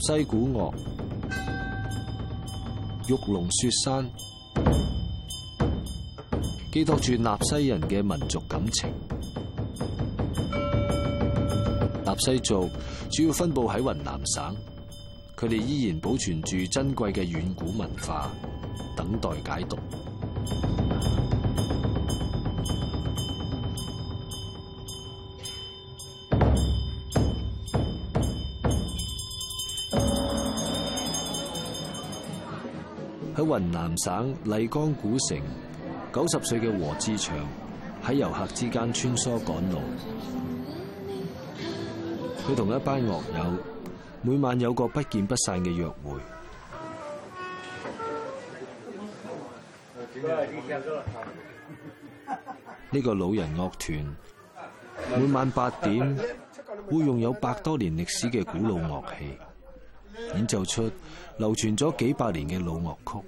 西古樂、玉龍雪山，寄託住納西人嘅民族感情。納西族主要分布喺雲南省，佢哋依然保存住珍貴嘅遠古文化，等待解讀。喺雲南省麗江古城，九十歲嘅和志祥喺遊客之間穿梭趕路。佢同一班樂友每晚有個不見不散嘅約會。呢、 呢個老人樂團每晚八點會用有百多年歷史嘅古老樂器。演奏出流傳咗幾百年嘅老樂曲，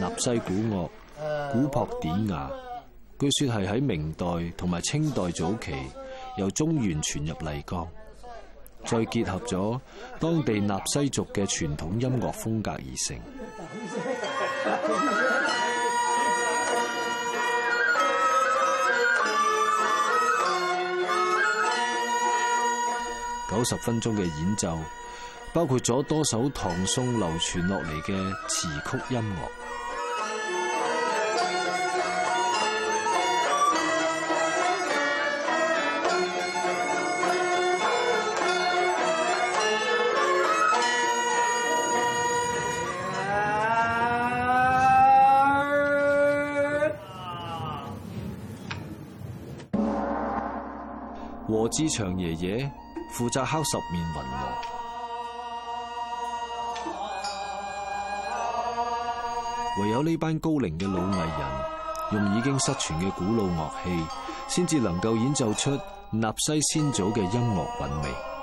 納西古樂古樸典雅，據說係喺明代同埋清代早期由中原傳入麗江，再結合咗當地納西族嘅傳統音樂風格而成。 九十分鐘嘅演奏，包括咗多首唐宋流傳落嚟嘅詞曲音樂。和志祥爺爺負責敲十面雲鑼，唯有呢班高齡嘅老藝人，用已經失傳嘅古老樂器，先至能夠演奏出納西先祖嘅音樂韻味。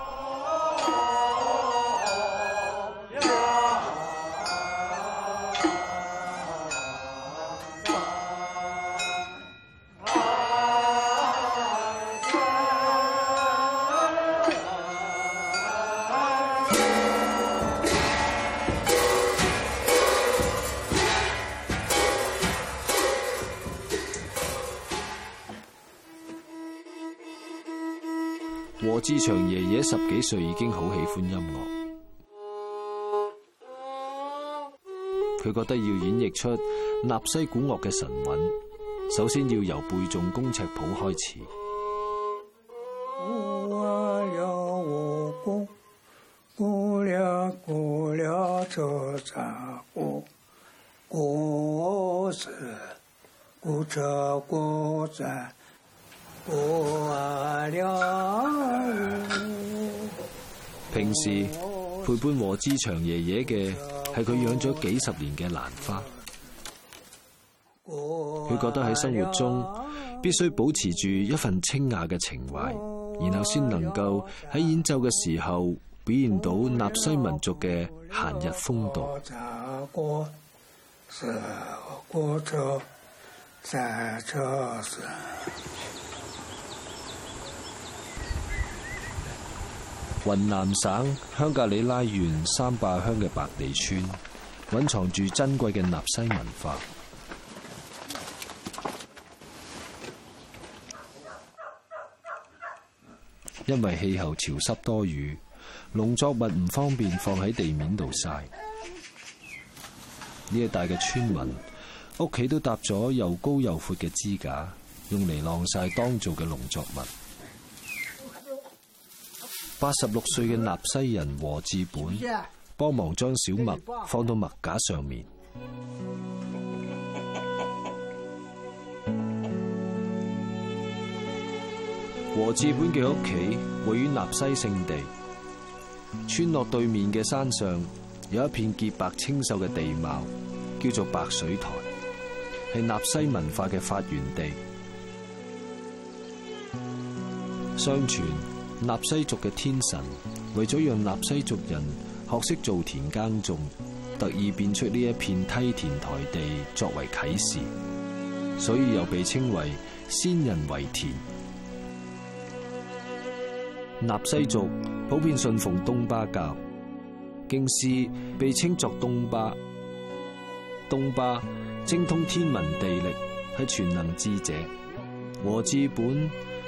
志強爺爺十幾歲已經好喜歡音樂，佢覺得要演繹出納西古樂嘅神韻，首先要由背誦工尺譜開始。平時陪伴和志祥爺爺嘅係佢養咗幾十年嘅蘭花。佢覺得喺生活中必須保持住一份清雅嘅情懷，然後先能夠喺演奏嘅時候表現到納西民族嘅閒逸風度。雲南省香格里拉縣三壩鄉嘅白地村，蘊藏住珍貴嘅納西文化。因為氣候潮濕多雨，農作物唔方便放喺地面度晒。呢一帶嘅村民屋企都搭咗又高又闊嘅支架，用嚟晾晒當造嘅農作物。八十六歲嘅納西人和志本幫忙將小麥，放到麥架上面。和志本嘅屋企位於納西聖地，村落對面嘅山上有一片潔白清秀嘅地貌，叫做白水台，係納西文化嘅發源地。相傳。納西族嘅天神為咗讓納西族人學識做田耕種，特意變出呢一片梯田台地作為啟示，所以又被稱為先人為田。納西族普遍信奉東巴教，經師被稱作東巴，東巴精通天文地理，係全能智者和志本。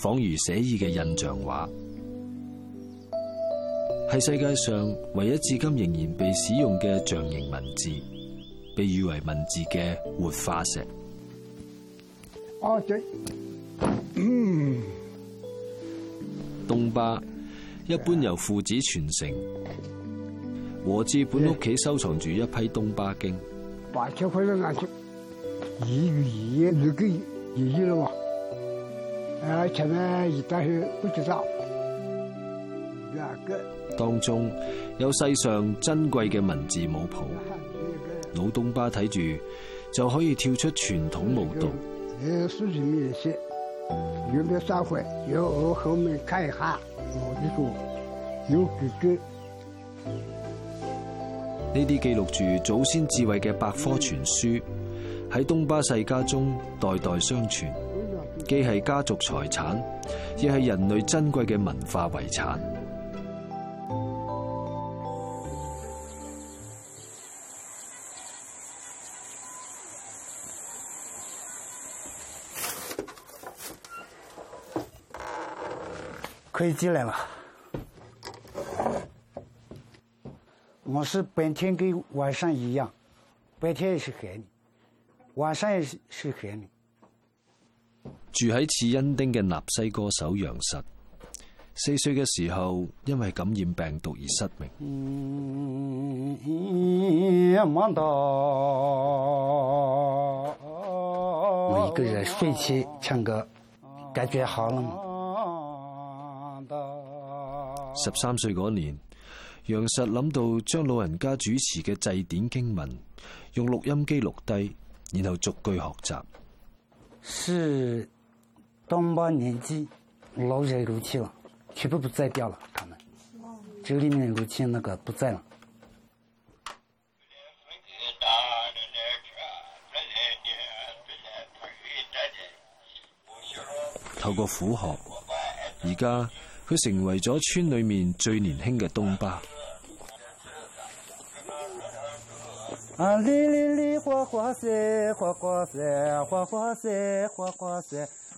仿如寫意嘅印象畫，係世界上唯一至今仍然被使用嘅象形文字，被譽為文字嘅活化石。我東巴一般由父子傳承，和志本屋企收藏住一批東巴經。誒，當中有世上珍貴嘅文字舞譜，老東巴睇住就可以跳出傳統舞蹈。呢啲記錄住祖先智慧嘅百科全書，喺東巴世家中代代相傳。既係家族財產，亦係人類珍貴嘅文化遺產。可以進嚟啦！我是白天跟晚上一樣，白天也是海裡，晚上也是海裡。住喺次恩丁嘅納西歌手楊實，四歲嘅時候因為感染病毒而失明。我一個人睡前唱歌，感覺好。十三歲嗰年，楊實諗到將老人家主持嘅祭典經文用錄音機錄低，然後逐句學習。是。東巴年紀老來入去了，全部不在掉了。他們，這裏面入去那個不在了。透過苦學，而家佢成為咗村裏面最年輕嘅東巴。啊李李李花花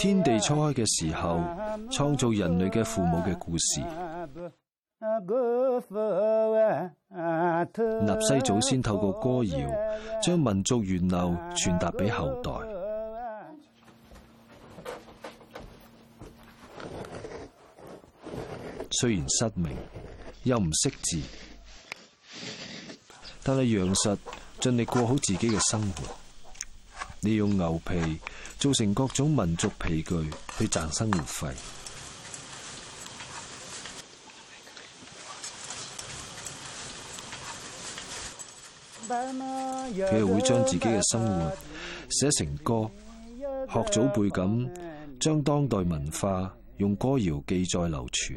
天地初開嘅時候，創造人類嘅父母嘅故事。納西祖先透過歌謠，將民族源流傳達俾後代。雖然失明，又唔識字，但係楊實盡力過好自己嘅生活。你用牛皮。造成各種民族皮具去賺生活費，佢又會將自己嘅生活寫成歌，學祖輩咁將當代文化用歌謠記載流傳。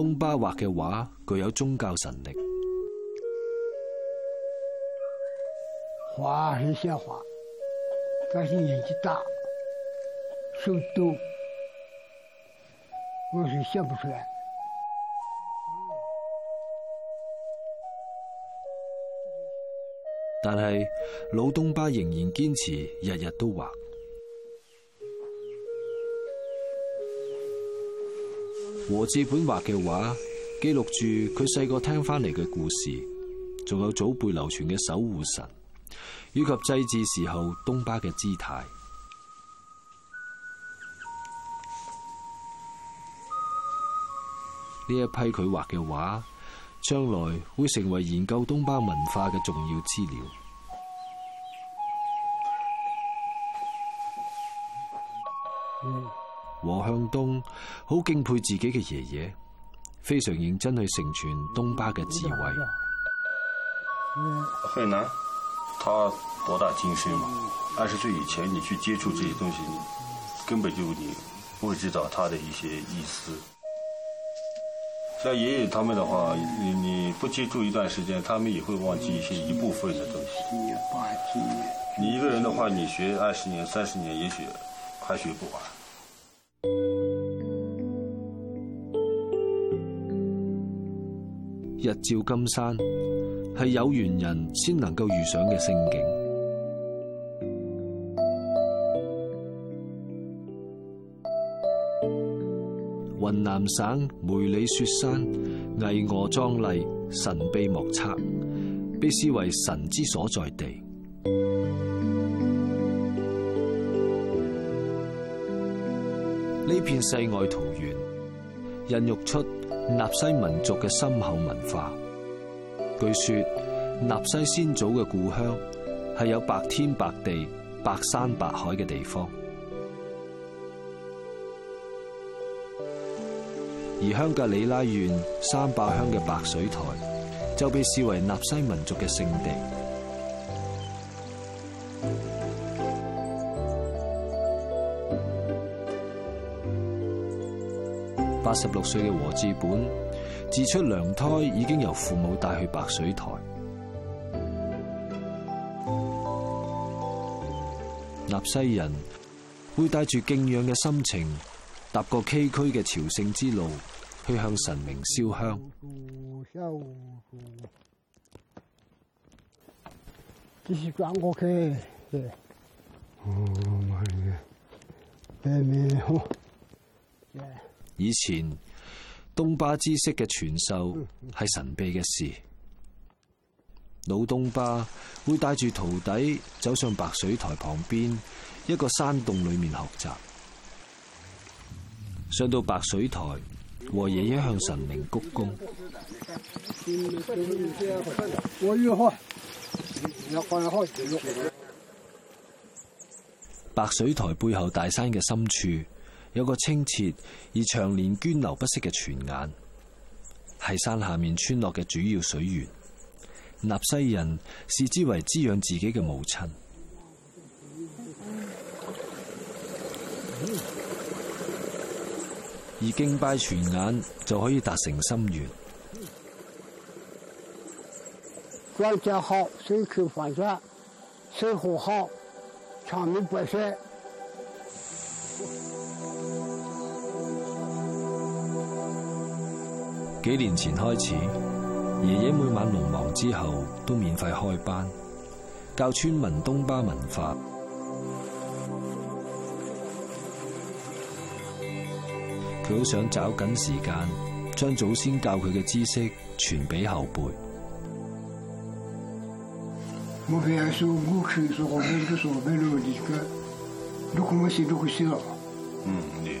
東巴畫嘅畫具有宗教神力。畫係想畫，但係年紀大，手抖，我是畫不出來。但係老東巴仍然堅持日日都畫。和志本畫嘅畫，記錄住佢細個聽翻嚟嘅故事，仲有祖輩流傳嘅守護神，以及祭祀時候東巴嘅姿態。呢一批佢畫嘅畫，將來會成為研究東巴文化嘅重要資料。東好敬佩自己嘅爺爺，非常認真去承傳東巴嘅智慧。嗯，很難，他博大精深嘛。二十歲以前你去接觸這些東西，根本就你不知道他的一些意思。像爺爺他們的話，你你不接觸一段時間，他們也會忘記一些一部分的東西。你一個人的話，你學二十年、三十年也，也許還學不完。日照金山，係有緣人先能夠遇上嘅勝景。雲南省梅里雪山巍峨壯麗、神秘莫測，被視為神之所在地。呢片世外桃源，孕育出，納西民族嘅深厚文化，據說納西先祖嘅故鄉係有白天白地、白山白海嘅地方，而香格里拉縣三壩鄉嘅白水台就被視為納西民族嘅聖地。八十六歲嘅和志本自出娘胎，已經由父母帶去白水台。納西人會帶住敬仰嘅心情，踏過崎嶇嘅朝聖之路，去向神明燒香。這是翻屋企，哦，以前，東巴知識嘅傳授係神秘嘅事。老東巴會帶住徒弟走上白水台旁邊一個山洞裏面學習。上到白水台，和爺爺向神明鞠躬。白水台背後大山嘅深處。有個清澈而長年涓流不息嘅泉眼，係山下面村落嘅主要水源。納西人視之為滋養自己嘅母親，而敬拜泉眼就可以達成心願。為着河水漂泛着，水火好，長命百歲。幾年前開始，爺爺每晚農忙之後都免費開班，教村民東巴文化。佢好想找緊時間，將祖先教佢嘅知識傳俾後輩。嗯嗯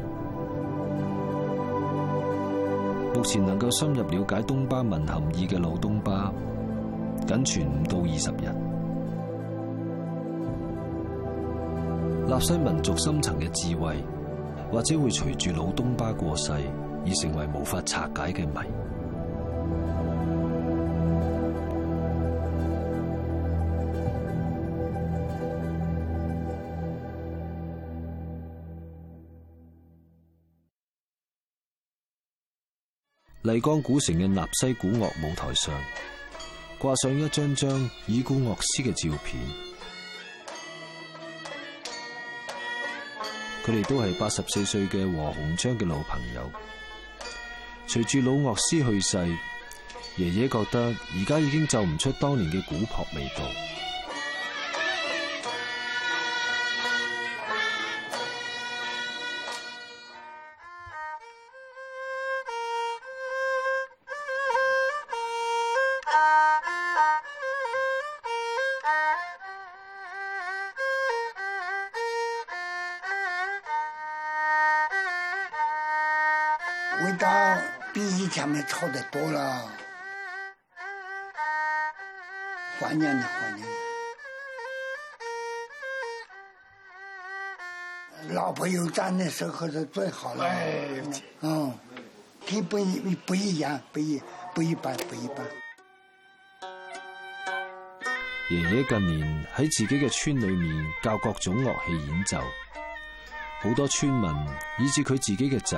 目前能夠深入了解東巴文含義嘅老東巴，僅存唔到二十人。納西民族深層嘅智慧，或者會隨住老東巴過世，而成為無法拆解嘅謎。麗江古城嘅納西古樂舞台上，掛上一張張已故樂師嘅照片。佢哋都係八十四歲嘅黃宏章嘅老朋友。隨住老樂師去世，爺爺覺得而家已經奏唔出當年嘅古樸味道。味道比以前們炒的多了，懷念的懷念。老婆有在那時候是最好了，嗯，挺不不不一樣，不一不一般不一般。爺爺近年喺自己嘅村裏面教各種樂器演奏，好多村民以至佢自己嘅仔。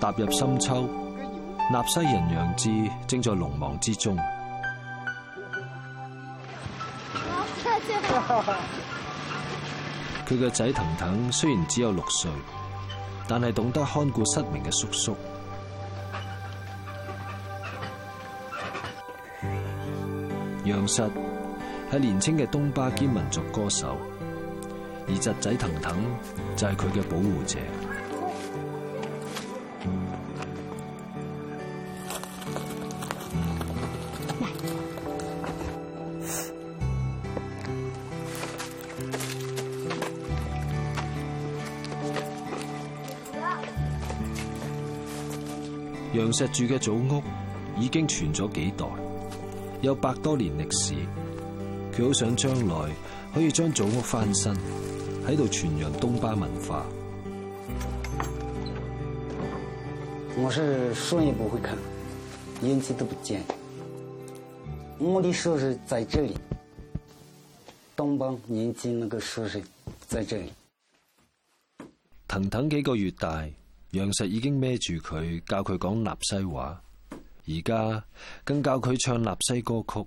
踏入深秋，納西人楊志正在農忙之中。佢嘅仔騰騰雖然只有六歲，但係懂得看顧失明嘅叔叔。楊實係年輕嘅東巴兼民族歌手，而侄仔騰騰就係佢嘅保護者。楊石住嘅祖屋已經存咗幾代，有百多年歷史。佢好想將來可以將祖屋翻身，喺度傳揚東巴文化。我是順眼不會看，年紀都不見。我的叔叔在這裏，東巴年紀那個叔叔在這裏。騰騰幾個月大。楊實已經孭住佢，教佢講納西話，而家更教佢唱納西歌曲。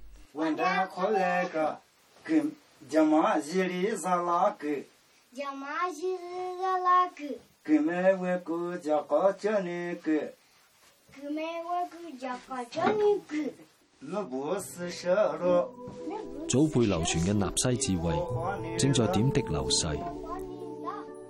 祖輩流傳嘅納西智慧正在點滴流逝。